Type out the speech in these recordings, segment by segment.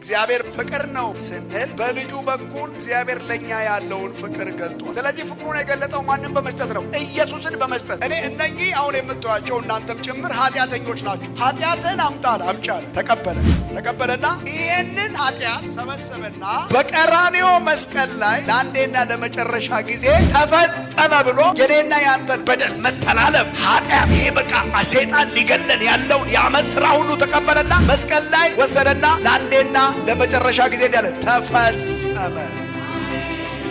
እግዚአብሔር ፍቅር ነው ስንል በልጁ በኩል እግዚአብሔር ለእኛ ያለውን ፍቅር ገልጦ ስለዚህ ፍቅሩን የገለጠው ማንም በመስጠት ነው፣ ኢየሱስን በመስጠት እኔ እነኚህ አሁን የምትዋቸው እናንተም ጭምር ኃጢአተኞች ናችሁ። ኃጢአትን አምጣል አምጫለ ተቀበለ ተቀበለና ይህንን ኃጢአት ሰበሰበና በቀራኔዮ መስቀል ላይ ለአንዴና ለመጨረሻ ጊዜ ተፈጸመ ብሎ የኔና ያንተን በደል መተላለፍ፣ ኃጢአት ይሄ በቃ ሴጣን ሊገለን ያለውን የአመት ስራ ሁሉ ተቀበለና መስቀል ላይ ወሰደና ለአንዴና ለመጨረሻ ጊዜ እንዲያለ ተፈጸመ።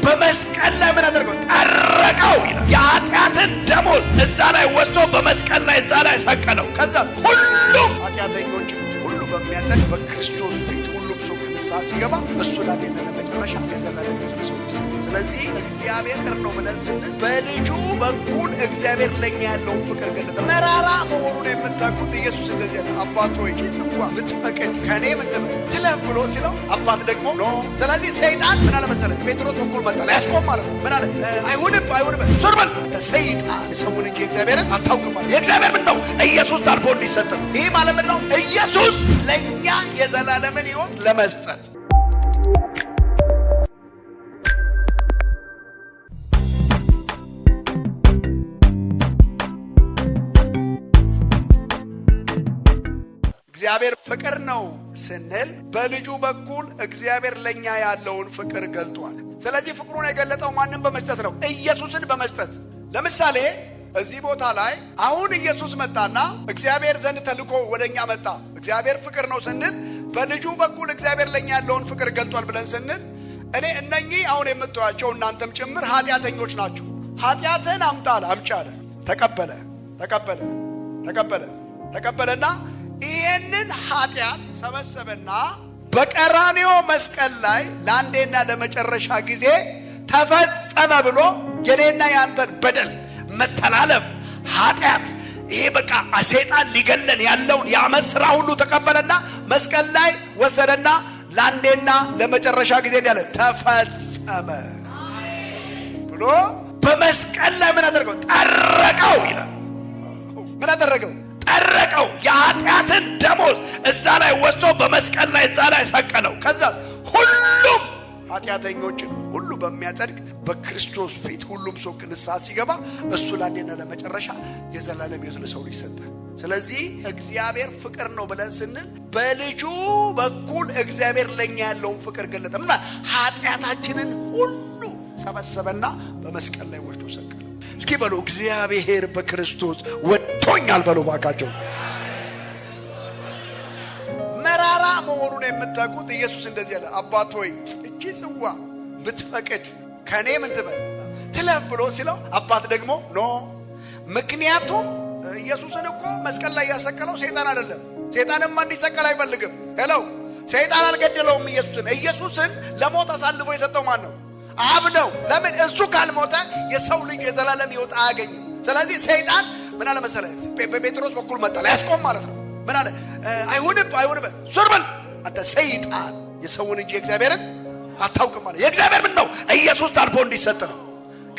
በመስቀል ላይ ምን አደረገው? ጠረቀው ይላል። የኃጢአትን ደሞዝ እዛ ላይ ወስዶ በመስቀል ላይ እዛ ላይ ሰቀለው። ከዛ ሁሉም ኃጢአተኞች ሁሉ በሚያጸድቅ በክርስቶስ ንስሐ ሲገባ እሱ ላንዴና ለመጨረሻ የዘላለም ቤት ለሰው ሰ ስለዚህ እግዚአብሔር ቅር ነው ብለን ስንል በልጁ በኩል እግዚአብሔር ለኛ ያለውን ፍቅር ገለጠ። መራራ መሆኑን የምታውቁት ኢየሱስ እንደዚህ ነው፣ አባት ሆይ ጽዋ ብትፈቅድ ከእኔ ምትበል ትለፍ ብሎ ሲለው አባት ደግሞ ኖ። ስለዚህ ሰይጣን ምን አለ መሰለህ ጴጥሮስ በኩል መጣ ላያስቆም ማለት ነው። ምን አለ አይሁንም፣ አይሁንም ሱርበል ሰይጣን ሰሙን እንጂ እግዚአብሔርን አታውቅም ማለት የእግዚአብሔር ምን ኢየሱስ ታርፎ እንዲሰጥ ነው። ይህ ማለት ምንድን ነው ኢየሱስ ለእኛ የዘላለምን ሕይወት ለመስጠት እግዚአብሔር ፍቅር ነው ስንል በልጁ በኩል እግዚአብሔር ለእኛ ያለውን ፍቅር ገልጧል። ስለዚህ ፍቅሩን የገለጠው ማንም በመስጠት ነው፣ ኢየሱስን በመስጠት ለምሳሌ እዚህ ቦታ ላይ አሁን ኢየሱስ መጣና እግዚአብሔር ዘንድ ተልኮ ወደኛ መጣ። እግዚአብሔር ፍቅር ነው ስንል በልጁ በኩል እግዚአብሔር ለእኛ ያለውን ፍቅር ገልጧል ብለን ስንል እኔ እነኚህ አሁን የምትዋቸው እናንተም ጭምር ኃጢአተኞች ናችሁ። ኃጢአትን አምጣል አምጫለ ተቀበለ ተቀበለ ተቀበለ ተቀበለና ይሄንን ኃጢአት ሰበሰበና በቀራንዮ መስቀል ላይ ለአንዴና ለመጨረሻ ጊዜ ተፈጸመ ብሎ የኔና ያንተን በደል መተላለፍ ኃጢአት ይሄ በቃ ሰይጣን ሊገለን ያለውን የአመፅ ስራ ሁሉ ተቀበለና መስቀል ላይ ወሰደና ለአንዴና ለመጨረሻ ጊዜ ያለ ተፈጸመ ብሎ በመስቀል ላይ ምን አደረገው? ጠረቀው ይላል። ምን አደረገው? ጠረቀው። የኃጢአትን ደሞዝ እዛ ላይ ወስዶ በመስቀል ላይ እዛ ላይ ሰቀለው። ከዛ ኃጢአተኞችን ሁሉ በሚያጸድቅ በክርስቶስ ፊት ሁሉም ሰው ክንሳ ሲገባ እሱ ለአንዴና ለመጨረሻ የዘላለም ሕይወት ለሰው ልጅ ሰጠ። ስለዚህ እግዚአብሔር ፍቅር ነው ብለን ስንል በልጁ በኩል እግዚአብሔር ለኛ ያለውን ፍቅር ገለጠና ኃጢአታችንን ሁሉ ሰበሰበና በመስቀል ላይ ወስዶ ሰቀለው። እስኪ በሉ እግዚአብሔር በክርስቶስ ወጥቶኛል በሉ ባካቸው። መሆኑን የምታውቁት ኢየሱስ እንደዚህ አለ፣ አባት ሆይ እቺ ጽዋ ብትፈቅድ ከእኔ ምን ትበል ትለፍ ብሎ ሲለው አባት ደግሞ ኖ። ምክንያቱም ኢየሱስን እኮ መስቀል ላይ ያሰቀለው ሰይጣን አይደለም። ሰይጣንማ እንዲሰቀል አይፈልግም። ሄለው ሰይጣን አልገደለውም ኢየሱስን። ኢየሱስን ለሞት አሳልፎ የሰጠው ማን ነው? አብ ነው። ለምን እሱ ካልሞተ የሰው ልጅ የዘላለም ሕይወት አያገኝም። ስለዚህ ሰይጣን ምን አለ መሰለህ፣ በጴጥሮስ በኩል መጣ፣ ሊያስቆም ማለት ነው። ምን አለ? አይሁንም አይሁንም፣ በል አንተ ሰይጣን የሰውን እንጂ እግዚአብሔርን አታውቅም ማለት የእግዚአብሔር ምን ነው ኢየሱስ ታርፎ እንዲሰጥ ነው።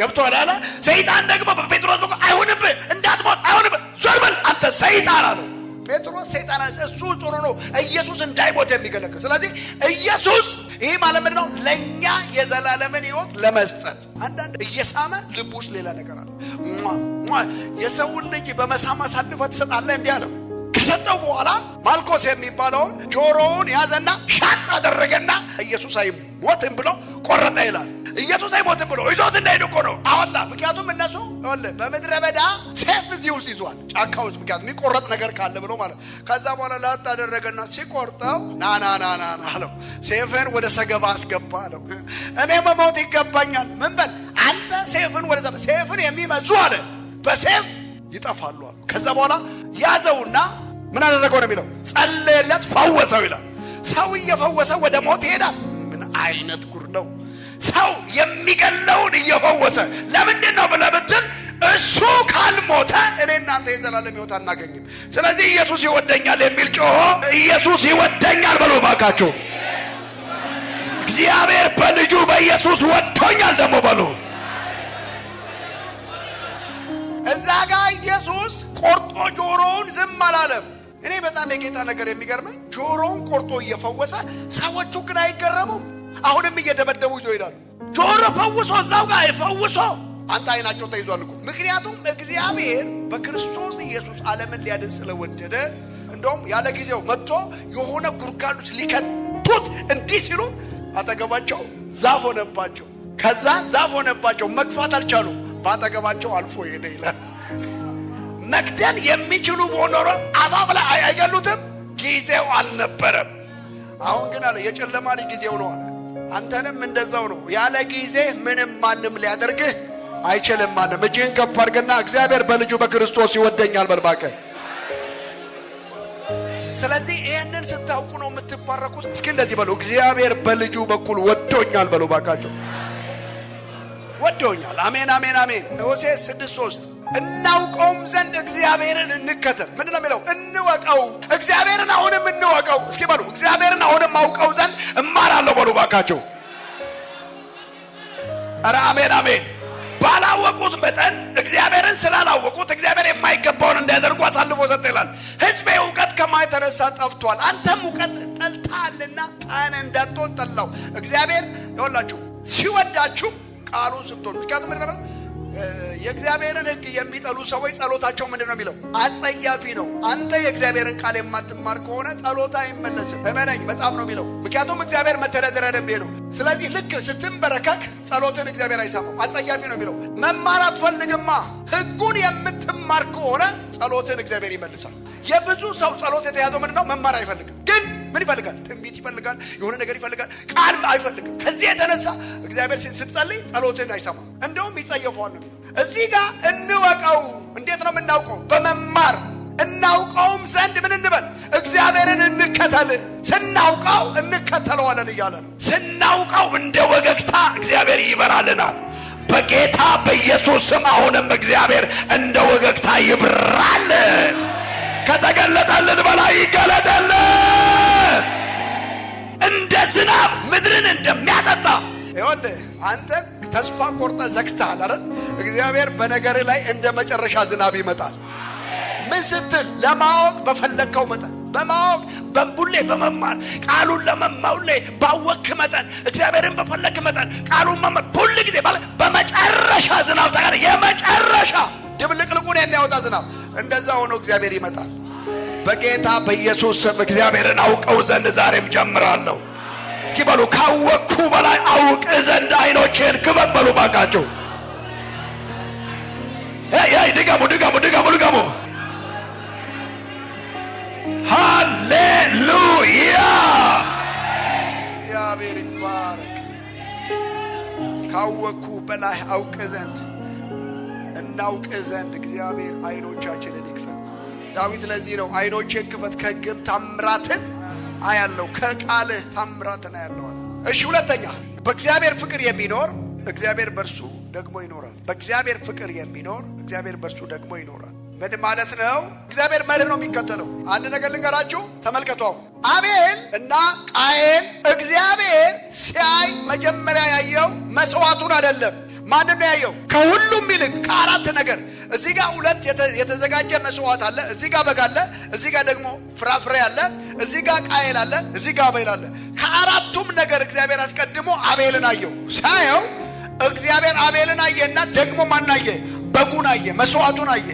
ገብቶሃል አለ። ሰይጣን ደግሞ በጴጥሮስ በኩል አይሁንብህ፣ እንዳትሞት አይሁንብህ፣ ዞር በል አንተ ሰይጣን አለ። ጴጥሮስ ሰይጣን እሱ ጥሩ ነው ኢየሱስ እንዳይሞት የሚገለግል ስለዚህ ኢየሱስ ይህ ማለት ምንድን ነው? ለእኛ የዘላለምን ህይወት ለመስጠት አንዳንድ እየሳመ ልብ ውስጥ ሌላ ነገር አለ። የሰውን ልጅ በመሳም አሳልፈህ ትሰጣለህ እንዲህ አለው። ከሰጠው በኋላ ማልኮስ የሚባለውን ጆሮውን ያዘና ሻጥ አደረገና ኢየሱስ አይሞትም ብሎ ቆረጠ ይላል። ኢየሱስ አይሞትም ብሎ ይዞት እንዳይሄድ እኮ ነው አወጣ። ምክንያቱም እነሱ በምድረ በዳ ሴፍ እዚህ ውስጥ ይዟል፣ ጫካ ውስጥ ምክንያቱ የሚቆረጥ ነገር ካለ ብሎ ማለት። ከዛ በኋላ ላጥ አደረገና ሲቆርጠው ናናናና አለው፣ ሴፍን ወደ ሰገባ አስገባ አለው። እኔ መሞት ይገባኛል። ምን በል አንተ ሴፍን ወደ ሴፍን የሚመዙ አለ በሴፍ ይጠፋሉ አለ። ከዛ በኋላ ያዘውና ምን አደረገው ነው የሚለው። ጸለየለት፣ ፈወሰው ይላል። ሰው እየፈወሰ ወደ ሞት ይሄዳል። ምን አይነት ጉር ነው! ሰው የሚገለውን እየፈወሰ ለምንድን ነው ብለህ ብትል እሱ ካልሞተ እኔ እናንተ የዘላለም ሕይወት አናገኝም። ስለዚህ ኢየሱስ ይወደኛል የሚል ጮሆ ኢየሱስ ይወደኛል በሎ ባካችሁ። እግዚአብሔር በልጁ በኢየሱስ ወጥቶኛል ደግሞ በሎ እዛ ጋር ኢየሱስ ቆርጦ ጆሮውን ዝም አላለም። በጣም የጌታ ነገር የሚገርመኝ ጆሮን ቆርጦ እየፈወሰ ሰዎቹ ግን አይገረሙም። አሁንም እየደበደቡ ይዞ ይሄዳሉ። ጆሮ ፈውሶ እዛው ጋር የፈውሶ አንተ አይናቸው ተይዟል እኮ ምክንያቱም እግዚአብሔር በክርስቶስ ኢየሱስ ዓለምን ሊያድን ስለወደደ እንደውም ያለ ጊዜው መጥቶ የሆነ ጉርጋዶች ሊከቱት እንዲህ ሲሉ አጠገባቸው ዛፍ ሆነባቸው። ከዛ ዛፍ ሆነባቸው መግፋት አልቻሉ። በአጠገባቸው አልፎ ሄደ ይላል። መግደል የሚችሉ ኖሮ አባብላ አይገሉትም። ጊዜው አልነበረም። አሁን ግን አለ የጨለማ ልጅ ጊዜው ነው አለ። አንተንም እንደዛው ነው። ያለ ጊዜ ምንም ማንም ሊያደርግህ አይችልም። ማንም እጅህን ከፍ አድርግና እግዚአብሔር በልጁ በክርስቶስ ይወደኛል በልባከ ስለዚህ ይህንን ስታውቁ ነው የምትባረኩት። እስኪ እንደዚህ በሉ፣ እግዚአብሔር በልጁ በኩል ወዶኛል በሉ ባካቸው፣ ወዶኛል። አሜን፣ አሜን፣ አሜን። ሆሴዕ ስድስት ሶስት እናውቀውም ዘንድ እግዚአብሔርን እንከተል። ምንድን ነው የሚለው? እንወቀው እግዚአብሔርን አሁንም እንወቀው። እስኪ በሉ እግዚአብሔርን አሁንም አውቀው ዘንድ እማራለሁ በሉ ባካቸው። ኧረ አሜን አሜን። ባላወቁት መጠን እግዚአብሔርን ስላላወቁት እግዚአብሔር የማይገባውን እንዳያደርጉ አሳልፎ ሰጠ ይላል። ሕዝቤ እውቀት ከማይተነሳ ጠፍቷል። አንተም እውቀት ጠልታልና ቃን እንዳትሆን ጠላው። እግዚአብሔር ይወላችሁ ሲወዳችሁ ቃሉን ስትሆኑ ምክንያቱም የእግዚአብሔርን ሕግ የሚጠሉ ሰዎች ጸሎታቸው ምንድን ነው የሚለው? አጸያፊ ነው። አንተ የእግዚአብሔርን ቃል የማትማር ከሆነ ጸሎታ አይመለስም። እመነኝ፣ መጽሐፍ ነው የሚለው። ምክንያቱም እግዚአብሔር መተዳደሪያ ደንቤ ነው። ስለዚህ ልክ ስትንበረከክ ጸሎትን እግዚአብሔር አይሰማም። አጸያፊ ነው የሚለው። መማር አትፈልግማ። ሕጉን የምትማር ከሆነ ጸሎትን እግዚአብሔር ይመልሳል። የብዙ ሰው ጸሎት የተያዘው ምንድን ነው? መማር አይፈልግም ግን ይፈልጋል፣ ትንቢት ይፈልጋል፣ የሆነ ነገር ይፈልጋል። ቃል አይፈልግም። ከዚህ የተነሳ እግዚአብሔር ስትጸልይ ጸሎትን አይሰማም፣ እንደውም ይጸየፈዋል ነው። እዚህ ጋር እንወቀው። እንዴት ነው የምናውቀው? በመማር እናውቀውም ዘንድ ምን እንበል? እግዚአብሔርን እንከተል። ስናውቀው እንከተለዋለን እያለ ነው። ስናውቀው እንደ ወገግታ እግዚአብሔር ይበራልናል። በጌታ በኢየሱስ ስም አሁንም እግዚአብሔር እንደ ወገግታ ይብራልን። ከተገለጠልን በላይ ይገለጠልን። እንደ ዝናብ ምድርን እንደሚያጠጣ ይሆን። አንተ ተስፋ ቆርጠ ዘግተሃል አይደል? እግዚአብሔር በነገር ላይ እንደ መጨረሻ ዝናብ ይመጣል። ምን ስትል ለማወቅ በፈለግከው መጠን በማወቅ በንቡሌ በመማር ቃሉን ለመማውሌ ባወክ መጠን እግዚአብሔርን በፈለክ መጠን ቃሉን መማር ሁል ጊዜ በመጨረሻ ዝናብ ተቃለ የመጨረሻ ድብልቅልቁን የሚያወጣ ዝናብ እንደዛ ሆኖ እግዚአብሔር ይመጣል። በጌታ በኢየሱስ ስም እግዚአብሔርን አውቀው ዘንድ ዛሬም ጀምራለሁ። እስኪ በሉ ካወቅኩ በላይ አውቅ ዘንድ አይኖቼን ክበብ በሉ ባካችሁ። ድገሙ ድገሙ ድገሙ ድገሙ። ሃሌሉያ እግዚአብሔር ይባረክ። ካወቅኩ በላይ አውቅ ዘንድ እናውቅ ዘንድ እግዚአብሔር አይኖቻችንን ይክፈት። ዳዊት ለዚህ ነው አይኖቼን ክፈት ከግብ ታምራትን አያለው ከቃልህ ታምራትን አያለው አለ። እሺ ሁለተኛ በእግዚአብሔር ፍቅር የሚኖር እግዚአብሔር በርሱ ደግሞ ይኖራል። በእግዚአብሔር ፍቅር የሚኖር እግዚአብሔር በርሱ ደግሞ ይኖራል። ምን ማለት ነው? እግዚአብሔር መርህ ነው የሚከተለው። አንድ ነገር ልንገራችሁ፣ ተመልከቱ። አቤል እና ቃየን እግዚአብሔር ሲያይ መጀመሪያ ያየው መስዋዕቱን አይደለም ማንን ነው ያየው? ከሁሉም ይልቅ ከአራት ነገር እዚህ ጋር ሁለት የተዘጋጀ መስዋዕት አለ። እዚህ ጋር በግ አለ። እዚህ ጋር ደግሞ ፍራፍሬ አለ። እዚህ ጋር ቃየል አለ። እዚህ ጋር አቤል አለ። ከአራቱም ነገር እግዚአብሔር አስቀድሞ አቤልን አየው። ሳየው እግዚአብሔር አቤልን አየና ደግሞ ማን አየ? በጉን አየ፣ መስዋዕቱን አየ።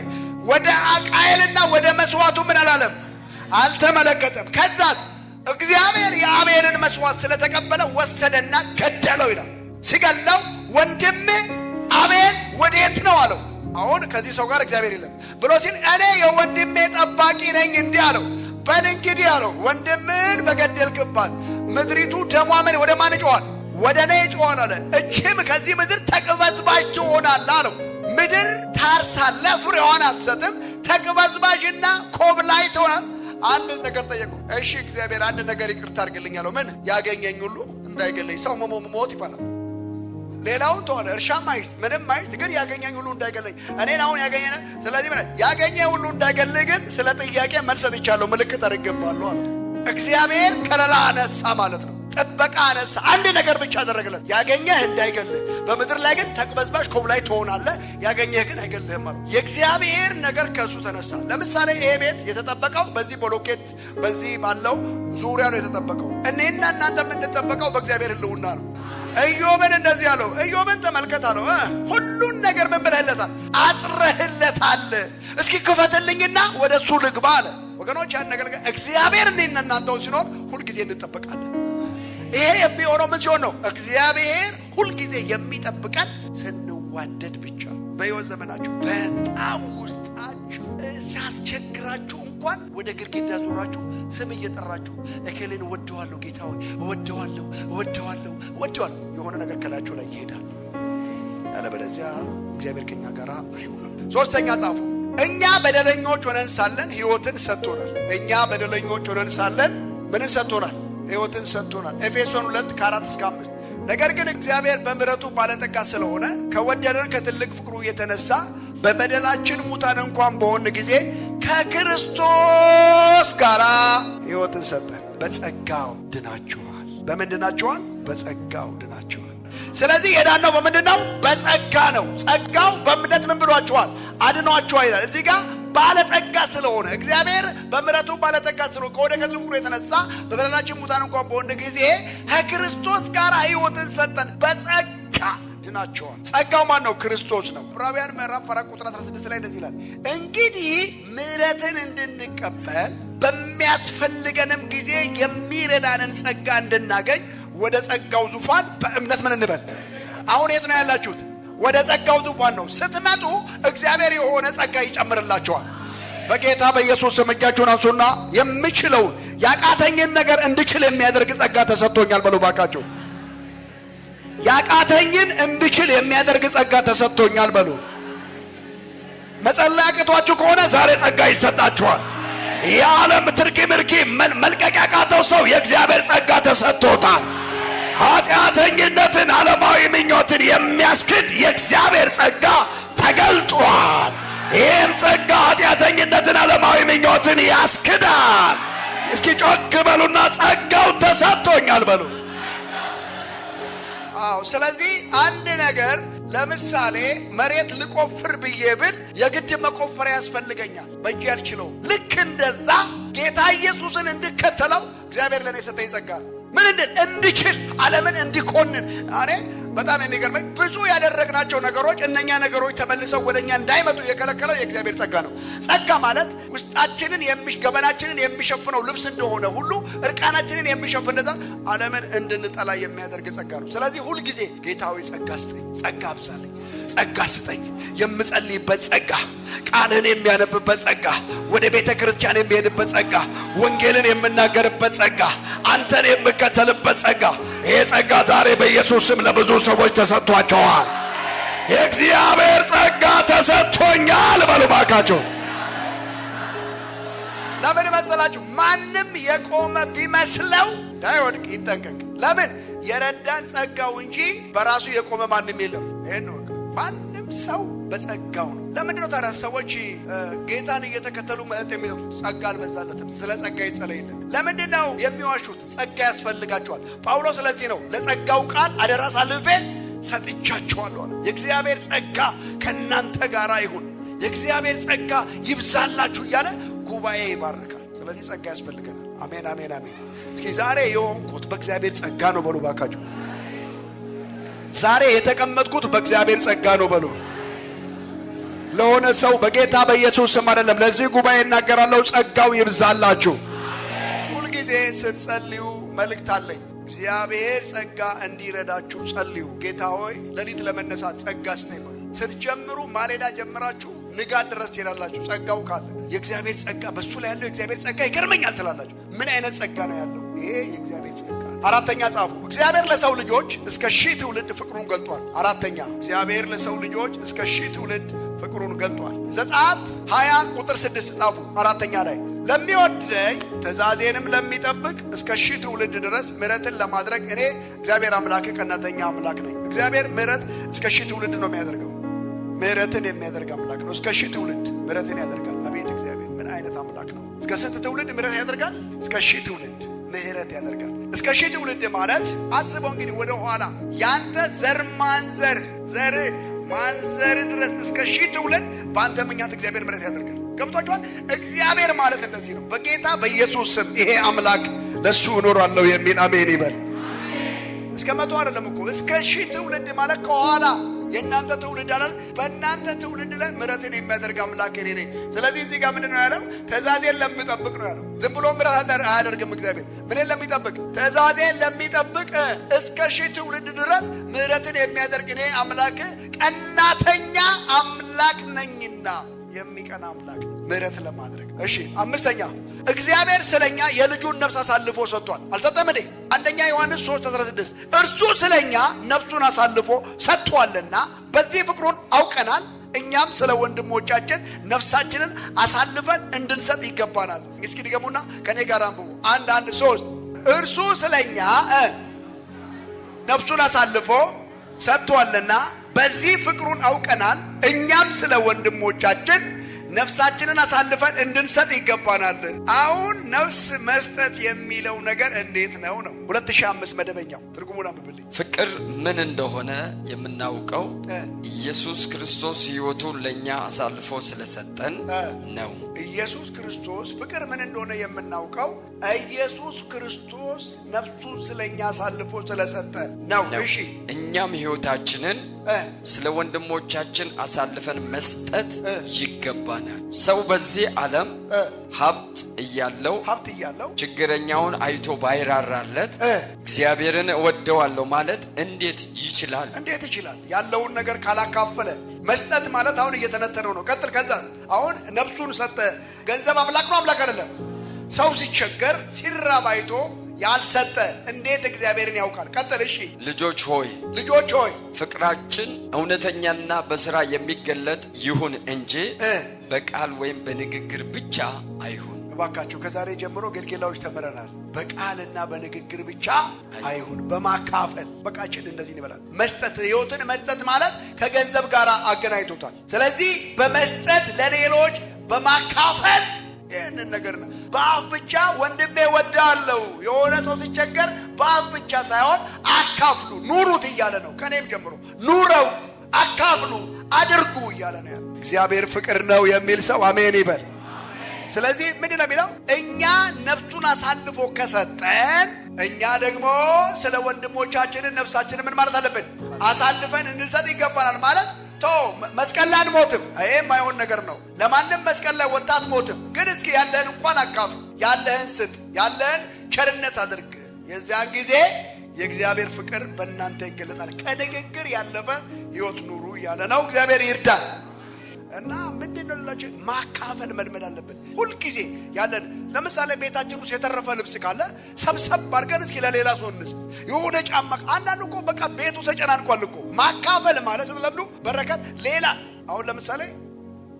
ወደ ቃየልና ወደ መስዋዕቱ ምን አላለም? አልተመለከተም። ከዛ እግዚአብሔር የአቤልን መስዋዕት ስለተቀበለ ወሰደና ገደለው ይላል። ሲገለው ወንድም አቤል ወዴት ነው አለው። አሁን ከዚህ ሰው ጋር እግዚአብሔር የለም ብሎ ሲል እኔ የወንድሜ ጠባቂ ነኝ እንዲህ አለው። በል እንግዲህ አለው ወንድምን በገደልክባት ምድሪቱ ደሟ ምን ወደ ማን ጮኋል? ወደ እኔ ጮኋል አለ። እችም ከዚህ ምድር ተቅበዝባዥ ትሆናለህ አለው። ምድር ታርሳለ፣ ፍሬዋን አትሰጥም፣ ተቅበዝባዥና ኮብላይ ትሆናል። አንድ ነገር ጠየቁ። እሺ እግዚአብሔር አንድ ነገር ይቅርታ አድርግልኝ አለው። ምን ያገኘኝ ሁሉ እንዳይገለኝ ሰው መሞት ይፈራል። ሌላውን ተሆነ እርሻ አይሽት ምንም አይሽት፣ ግን ያገኘኝ ሁሉ እንዳይገልኝ እኔን አሁን ያገኘ ስለዚህ ምን ያገኘ ሁሉ እንዳይገልኝ ግን ስለ ጥያቄ መልስ ሰጥቻለሁ፣ ምልክት አድርጌብሃለሁ አለ። እግዚአብሔር ከለላ አነሳ ማለት ነው። ጥበቃ አነሳ። አንድ ነገር ብቻ አደረገለት፣ ያገኘህ እንዳይገልህ። በምድር ላይ ግን ተቅበዝባዥ ኮብ ላይ ትሆናለህ፣ ያገኘህ ግን አይገልህም ማለት የእግዚአብሔር ነገር ከእሱ ተነሳ። ለምሳሌ ይሄ ቤት የተጠበቀው በዚህ ቦሎኬት በዚህ ባለው ዙሪያ ነው የተጠበቀው። እኔና እናንተ የምንጠበቀው በእግዚአብሔር ሕልውና ነው። ኢዮብን እንደዚህ አለው። ኢዮብን ተመልከት አለው። ሁሉን ነገር ምን ብለህለታል? አጥረህለታል። እስኪ ክፈትልኝና ወደ እሱ ልግባ አለ። ወገኖች ያን ነገር እግዚአብሔር እኔና እናንተውን ሲኖር ሁልጊዜ እንጠበቃለን። ይሄ የሚሆነው ምን ሲሆን ነው? እግዚአብሔር ሁልጊዜ የሚጠብቀን ስንዋደድ ብቻ። በሕይወት ዘመናችሁ በጣም ውስጣችሁ ሲያስቸግራችሁ እንኳን ወደ ግድግዳ ዞራችሁ ስም እየጠራችሁ እከሌን ወደዋለሁ ጌታ ሆይ ወደዋለሁ ወደዋለሁ፣ ወደዋለሁ የሆነ ነገር ከላችሁ ላይ ይሄዳል። ያለበለዚያ እግዚአብሔር ከኛ ጋር አይሆንም። ሶስተኛ ጻፉ። እኛ በደለኞች ሆነን ሳለን ህይወትን ሰጥቶናል። እኛ በደለኞች ሆነን ሳለን ምንን ሰጥቶናል? ህይወትን ሰጥቶናል። ኤፌሶን ሁለት ከአራት እስከ አምስት ነገር ግን እግዚአብሔር በምረቱ ባለጠጋ ስለሆነ ከወደደን ከትልቅ ፍቅሩ የተነሳ በበደላችን ሙታን እንኳን በሆን ጊዜ ከክርስቶስ ጋር ሕይወትን ሰጠን። በጸጋው ድናችኋል። በምንድናችኋል? በጸጋው ድናችኋል። ስለዚህ የዳነው በምንድን ነው? በጸጋ ነው። ጸጋው በእምነት ምን ብሏችኋል? አድኗችኋል ይላል እዚህ ጋር ባለጠጋ ስለሆነ እግዚአብሔር በምሕረቱ ባለጠጋ ስለሆነ ከወደ ከትልቁ የተነሳ በበደላችን ሙታን እንኳን በሆነ ጊዜ ከክርስቶስ ጋር ሕይወትን ሰጠን በጸጋ አድናቸዋል። ጸጋው ማን ነው? ክርስቶስ ነው። ዕብራውያን ምዕራፍ አራት ቁጥር 16 ላይ እንደዚህ ይላል፣ እንግዲህ ምሕረትን እንድንቀበል በሚያስፈልገንም ጊዜ የሚረዳንን ጸጋ እንድናገኝ ወደ ጸጋው ዙፋን በእምነት ምን እንበል። አሁን የት ነው ያላችሁት? ወደ ጸጋው ዙፋን ነው። ስትመጡ እግዚአብሔር የሆነ ጸጋ ይጨምርላቸዋል። በጌታ በኢየሱስ ስም እጃችሁን አንሱና የምችለውን ያቃተኝን ነገር እንድችል የሚያደርግ ጸጋ ተሰጥቶኛል በሉ ባካችሁ። ያቃተኝን እንድችል የሚያደርግ ጸጋ ተሰጥቶኛል በሉ። መጸለይ አቅቷችሁ ከሆነ ዛሬ ጸጋ ይሰጣችኋል። የዓለም ትርኪ ምርኪ መልቀቅ ያቃተው ሰው የእግዚአብሔር ጸጋ ተሰጥቶታል። ኃጢአተኝነትን፣ ዓለማዊ ምኞትን የሚያስክድ የእግዚአብሔር ጸጋ ተገልጧል። ይህም ጸጋ ኃጢአተኝነትን፣ ዓለማዊ ምኞትን ያስክዳል። እስኪ ጮክ በሉና ጸጋው ተሰጥቶኛል በሉ። ነው። ስለዚህ አንድ ነገር ለምሳሌ መሬት ልቆፍር ብዬ ብል የግድ መቆፈር ያስፈልገኛል፣ በእጅ ያልችለው። ልክ እንደዛ ጌታ ኢየሱስን እንድከተለው እግዚአብሔር ለእኔ የሰጠኝ ጸጋ ነው። ምን እንድችል ዓለምን እንዲኮንን እኔ በጣም የሚገርመኝ ብዙ ያደረግናቸው ነገሮች እነኛ ነገሮች ተመልሰው ወደ እኛ እንዳይመጡ የከለከለው የእግዚአብሔር ጸጋ ነው። ጸጋ ማለት ውስጣችንን ገበናችንን የሚሸፍነው ልብስ እንደሆነ ሁሉ እርቃናችንን የሚሸፍን ነዛ ዓለምን እንድንጠላ የሚያደርግ ጸጋ ነው። ስለዚህ ሁልጊዜ ጌታዊ ጸጋ ስጠኝ፣ ጸጋ አብዛለኝ ጸጋ ስጠኝ፣ የምጸልይበት ጸጋ፣ ቃልህን የሚያነብበት ጸጋ፣ ወደ ቤተ ክርስቲያን የሚሄድበት ጸጋ፣ ወንጌልን የምናገርበት ጸጋ፣ አንተን የምከተልበት ጸጋ። ይሄ ጸጋ ዛሬ በኢየሱስ ስም ለብዙ ሰዎች ተሰጥቷቸዋል። የእግዚአብሔር ጸጋ ተሰጥቶኛል በሉ ባካቸው። ለምን መሰላችሁ? ማንም የቆመ ቢመስለው እንዳይወድቅ ይጠንቀቅ። ለምን የረዳን ጸጋው እንጂ በራሱ የቆመ ማንም የለም። ይህን ነው ማንም ሰው በጸጋው ነው። ለምንድን ነው ታዲያ ሰዎች ጌታን እየተከተሉ መጠጥ የሚጠጡት? ጸጋ አልበዛለትም። ስለ ጸጋ ይጸለይለት። ለምንድን ነው የሚዋሹት? ጸጋ ያስፈልጋቸዋል። ጳውሎስ ስለዚህ ነው ለጸጋው ቃል አደራ ሳልፌ ሰጥቻቸዋለሁ አለ። የእግዚአብሔር ጸጋ ከእናንተ ጋር ይሁን፣ የእግዚአብሔር ጸጋ ይብዛላችሁ እያለ ጉባኤ ይባርካል። ስለዚህ ጸጋ ያስፈልገናል። አሜን፣ አሜን፣ አሜን። እስኪ ዛሬ የሆንኩት በእግዚአብሔር ጸጋ ነው በሉ ባካችሁ። ዛሬ የተቀመጥኩት በእግዚአብሔር ጸጋ ነው በሉ። ለሆነ ሰው በጌታ በኢየሱስ ስም አይደለም፣ ለዚህ ጉባኤ እናገራለሁ። ጸጋው ይብዛላችሁ። ሁልጊዜ ስትጸልዩ መልእክት አለኝ። እግዚአብሔር ጸጋ እንዲረዳችሁ ጸልዩ። ጌታ ሆይ ሌሊት ለመነሳት ጸጋ ስጠኝ በሉ። ስትጀምሩ ማሌዳ ጀምራችሁ ንጋት ድረስ ትሄዳላችሁ። ጸጋው ካለ የእግዚአብሔር ጸጋ በሱ ላይ ያለው የእግዚአብሔር ጸጋ ይገርመኛል ትላላችሁ። ምን አይነት ጸጋ ነው ያለው? ይሄ የእግዚአብሔር ጸጋ አራተኛ ጻፉ። እግዚአብሔር ለሰው ልጆች እስከ ሺህ ትውልድ ፍቅሩን ገልጧል። አራተኛ እግዚአብሔር ለሰው ልጆች እስከ ሺህ ትውልድ ፍቅሩን ገልጧል። ዘጸአት 20 ቁጥር 6 ጻፉ። አራተኛ ላይ ለሚወደኝ ትእዛዜንም ለሚጠብቅ እስከ ሺህ ትውልድ ድረስ ምሕረትን ለማድረግ እኔ እግዚአብሔር አምላክ ቀናተኛ አምላክ ነኝ። እግዚአብሔር ምሕረት እስከ ሺህ ትውልድ ነው የሚያደርገው። ምሕረትን የሚያደርግ አምላክ ነው። እስከ ሺህ ትውልድ ምሕረትን ያደርጋል። አቤት! እግዚአብሔር ምን አይነት አምላክ ነው! እስከ ስንት ትውልድ ምሕረት ያደርጋል? እስከ ሺህ ትውልድ ምሕረት ያደርጋል እስከ ሺህ ትውልድ ማለት አስበው እንግዲህ ወደ ኋላ ያንተ ዘር ማንዘር ዘር ማንዘር ድረስ እስከ ሺህ ትውልድ በአንተ ምኛት እግዚአብሔር ምሕረት ያደርጋል። ገብቷችኋል? እግዚአብሔር ማለት እንደዚህ ነው። በጌታ በኢየሱስ ስም ይሄ አምላክ ለእሱ እኖራለሁ የሚል አሜን ይበል። እስከ መቶ አይደለም እኮ እስከ ሺህ ትውልድ ማለት ከኋላ የእናንተ ትውልድ አላል በእናንተ ትውልድ ላይ ምረትን የሚያደርግ አምላክ እኔ ነኝ። ስለዚህ እዚህ ጋር ምንድን ነው ያለው? ትእዛዜን ለሚጠብቅ ነው ያለው። ዝም ብሎ ምረት አያደርግም እግዚአብሔር። ምንን ለሚጠብቅ? ትእዛዜን ለሚጠብቅ እስከ ሺህ ትውልድ ድረስ ምረትን የሚያደርግ እኔ አምላክ ቀናተኛ አምላክ ነኝና የሚቀና አምላክ ምረት ለማድረግ እሺ። አምስተኛ እግዚአብሔር ስለኛ የልጁን ነፍስ አሳልፎ ሰጥቷል። አልሰጠም እንዴ? አንደኛ ዮሐንስ 3 16 እርሱ ስለኛ ነፍሱን አሳልፎ ሰጥቷልና በዚህ ፍቅሩን አውቀናል እኛም ስለ ወንድሞቻችን ነፍሳችንን አሳልፈን እንድንሰጥ ይገባናል። እስኪ ድገሙና ከኔ ጋር አንብቡ። አንድ አንድ ሶስት እርሱ ስለኛ ነፍሱን አሳልፎ ሰጥቷልና በዚህ ፍቅሩን አውቀናል እኛም ስለ ወንድሞቻችን ነፍሳችንን አሳልፈን እንድንሰጥ ይገባናል። አሁን ነፍስ መስጠት የሚለው ነገር እንዴት ነው ነው 2005 መደበኛው ትርጉሙን አንብብልኝ። ፍቅር ምን እንደሆነ የምናውቀው ኢየሱስ ክርስቶስ ሕይወቱን ለእኛ አሳልፎ ስለሰጠን ነው። ኢየሱስ ክርስቶስ ፍቅር ምን እንደሆነ የምናውቀው ኢየሱስ ክርስቶስ ነፍሱን ስለኛ አሳልፎ ስለሰጠ ነው። እሺ እኛም ህይወታችንን ስለ ወንድሞቻችን አሳልፈን መስጠት ይገባናል። ሰው በዚህ ዓለም ሀብት እያለው ሀብት እያለው ችግረኛውን አይቶ ባይራራለት እግዚአብሔርን እወደዋለሁ ማለት እንዴት ይችላል? እንዴት ይችላል? ያለውን ነገር ካላካፈለ መስጠት ማለት አሁን እየተነተነው ነው። ቀጥል። ከዛ አሁን ነፍሱን ሰጠ። ገንዘብ አምላክ ነው? አምላክ አይደለም። ሰው ሲቸገር ሲራብ አይቶ ያልሰጠ እንዴት እግዚአብሔርን ያውቃል? ቀጥል። እሺ ልጆች ሆይ ልጆች ሆይ ፍቅራችን እውነተኛና በስራ የሚገለጥ ይሁን እንጂ በቃል ወይም በንግግር ብቻ አይሁን። እባካችሁ ከዛሬ ጀምሮ ጌልጌላዎች ተምረናል። በቃልና በንግግር ብቻ አይሁን፣ በማካፈል በቃችን እንደዚህ ይበላል። መስጠት ህይወትን መስጠት ማለት ከገንዘብ ጋር አገናኝቶታል። ስለዚህ በመስጠት ለሌሎች በማካፈል ይህንን ነገር ነው። በአፍ ብቻ ወንድሜ ወዳለው የሆነ ሰው ሲቸገር በአፍ ብቻ ሳይሆን አካፍሉ፣ ኑሩት እያለ ነው። ከኔም ጀምሮ ኑረው፣ አካፍሉ፣ አድርጉ እያለ ነው ያለ። እግዚአብሔር ፍቅር ነው የሚል ሰው አሜን ይበል። ስለዚህ ምንድን ነው የሚለው? እኛ ነፍሱን አሳልፎ ከሰጠን እኛ ደግሞ ስለ ወንድሞቻችንን ነፍሳችንን ምን ማለት አለብን? አሳልፈን እንድንሰጥ ይገባናል ማለት ቶ መስቀል ላይ አንሞትም። ይሄ የማይሆን ነገር ነው። ለማንም መስቀል ላይ ወጣ አትሞትም። ግን እስኪ ያለህን እንኳን አካፍ፣ ያለህን ስጥ፣ ያለህን ቸርነት አድርግ። የዚያን ጊዜ የእግዚአብሔር ፍቅር በእናንተ ይገለጣል። ከንግግር ያለፈ ህይወት ኑሩ እያለ ነው። እግዚአብሔር ይርዳል። እና ምንድን ነው ልላችሁ ማካፈል መልመድ አለብን። ሁልጊዜ ያለን ለምሳሌ ቤታችን ውስጥ የተረፈ ልብስ ካለ ሰብሰብ አድርገን እስኪ ለሌላ ሰው እንስጥ። የሆነ ጫማ አንዳንዱ እኮ በቃ ቤቱ ተጨናንቋል እኮ። ማካፈል ማለት ስትለምዱ በረከት ሌላ አሁን ለምሳሌ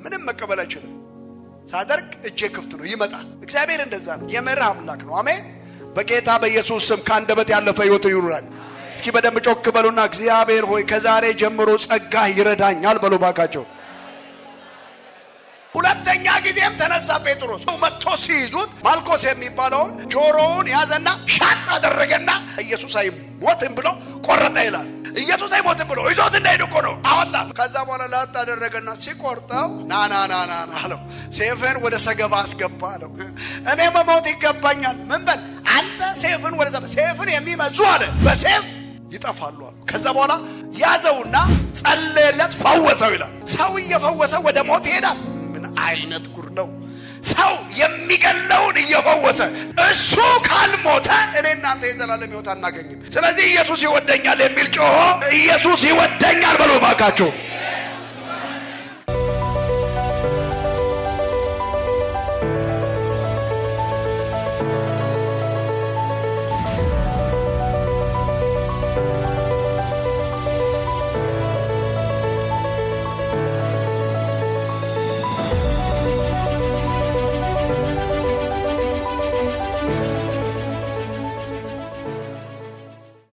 ምንም መቀበል አይችልም ሳደርግ እጄ ክፍት ነው፣ ይመጣል። እግዚአብሔር እንደዛ ነው፣ የመራ አምላክ ነው። አሜን። በጌታ በኢየሱስ ስም ከአንደበት ያለፈ ህይወት ይኑራል። እስኪ በደንብ ጮክ በሉና እግዚአብሔር ሆይ ከዛሬ ጀምሮ ጸጋህ ይረዳኛል በሉ ባካቸው ሁለተኛ ጊዜም ተነሳ ጴጥሮስ። መጥቶ ሲይዙት ማልኮስ የሚባለውን ጆሮውን ያዘና ሻጥ አደረገና ኢየሱስ አይሞትም ብሎ ቆረጠ ይላል። ኢየሱስ አይሞትም ብሎ ይዞት እንዳሄድ እኮ ነው አወጣ። ከዛ በኋላ ላጥ አደረገና ሲቆርጠው ናናናና አለው፣ ሴፍን ወደ ሰገባ አስገባ አለው። እኔ መሞት ይገባኛል። ምን በል አንተ ሴፍን ወደ ሴፍን የሚመዙ አለ በሴፍ ይጠፋሉ አሉ። ከዛ በኋላ ያዘውና ጸለየለት፣ ፈወሰው ይላል። ሰው እየፈወሰ ወደ ሞት ይሄዳል። አይነት ጉር ነው። ሰው የሚገለውን እየፈወሰ እሱ ካልሞተ እኔ እናንተ የዘላለም ሕይወት አናገኝም። ስለዚህ ኢየሱስ ይወደኛል የሚል ጮሆ ኢየሱስ ይወደኛል ብሎ ባካችሁ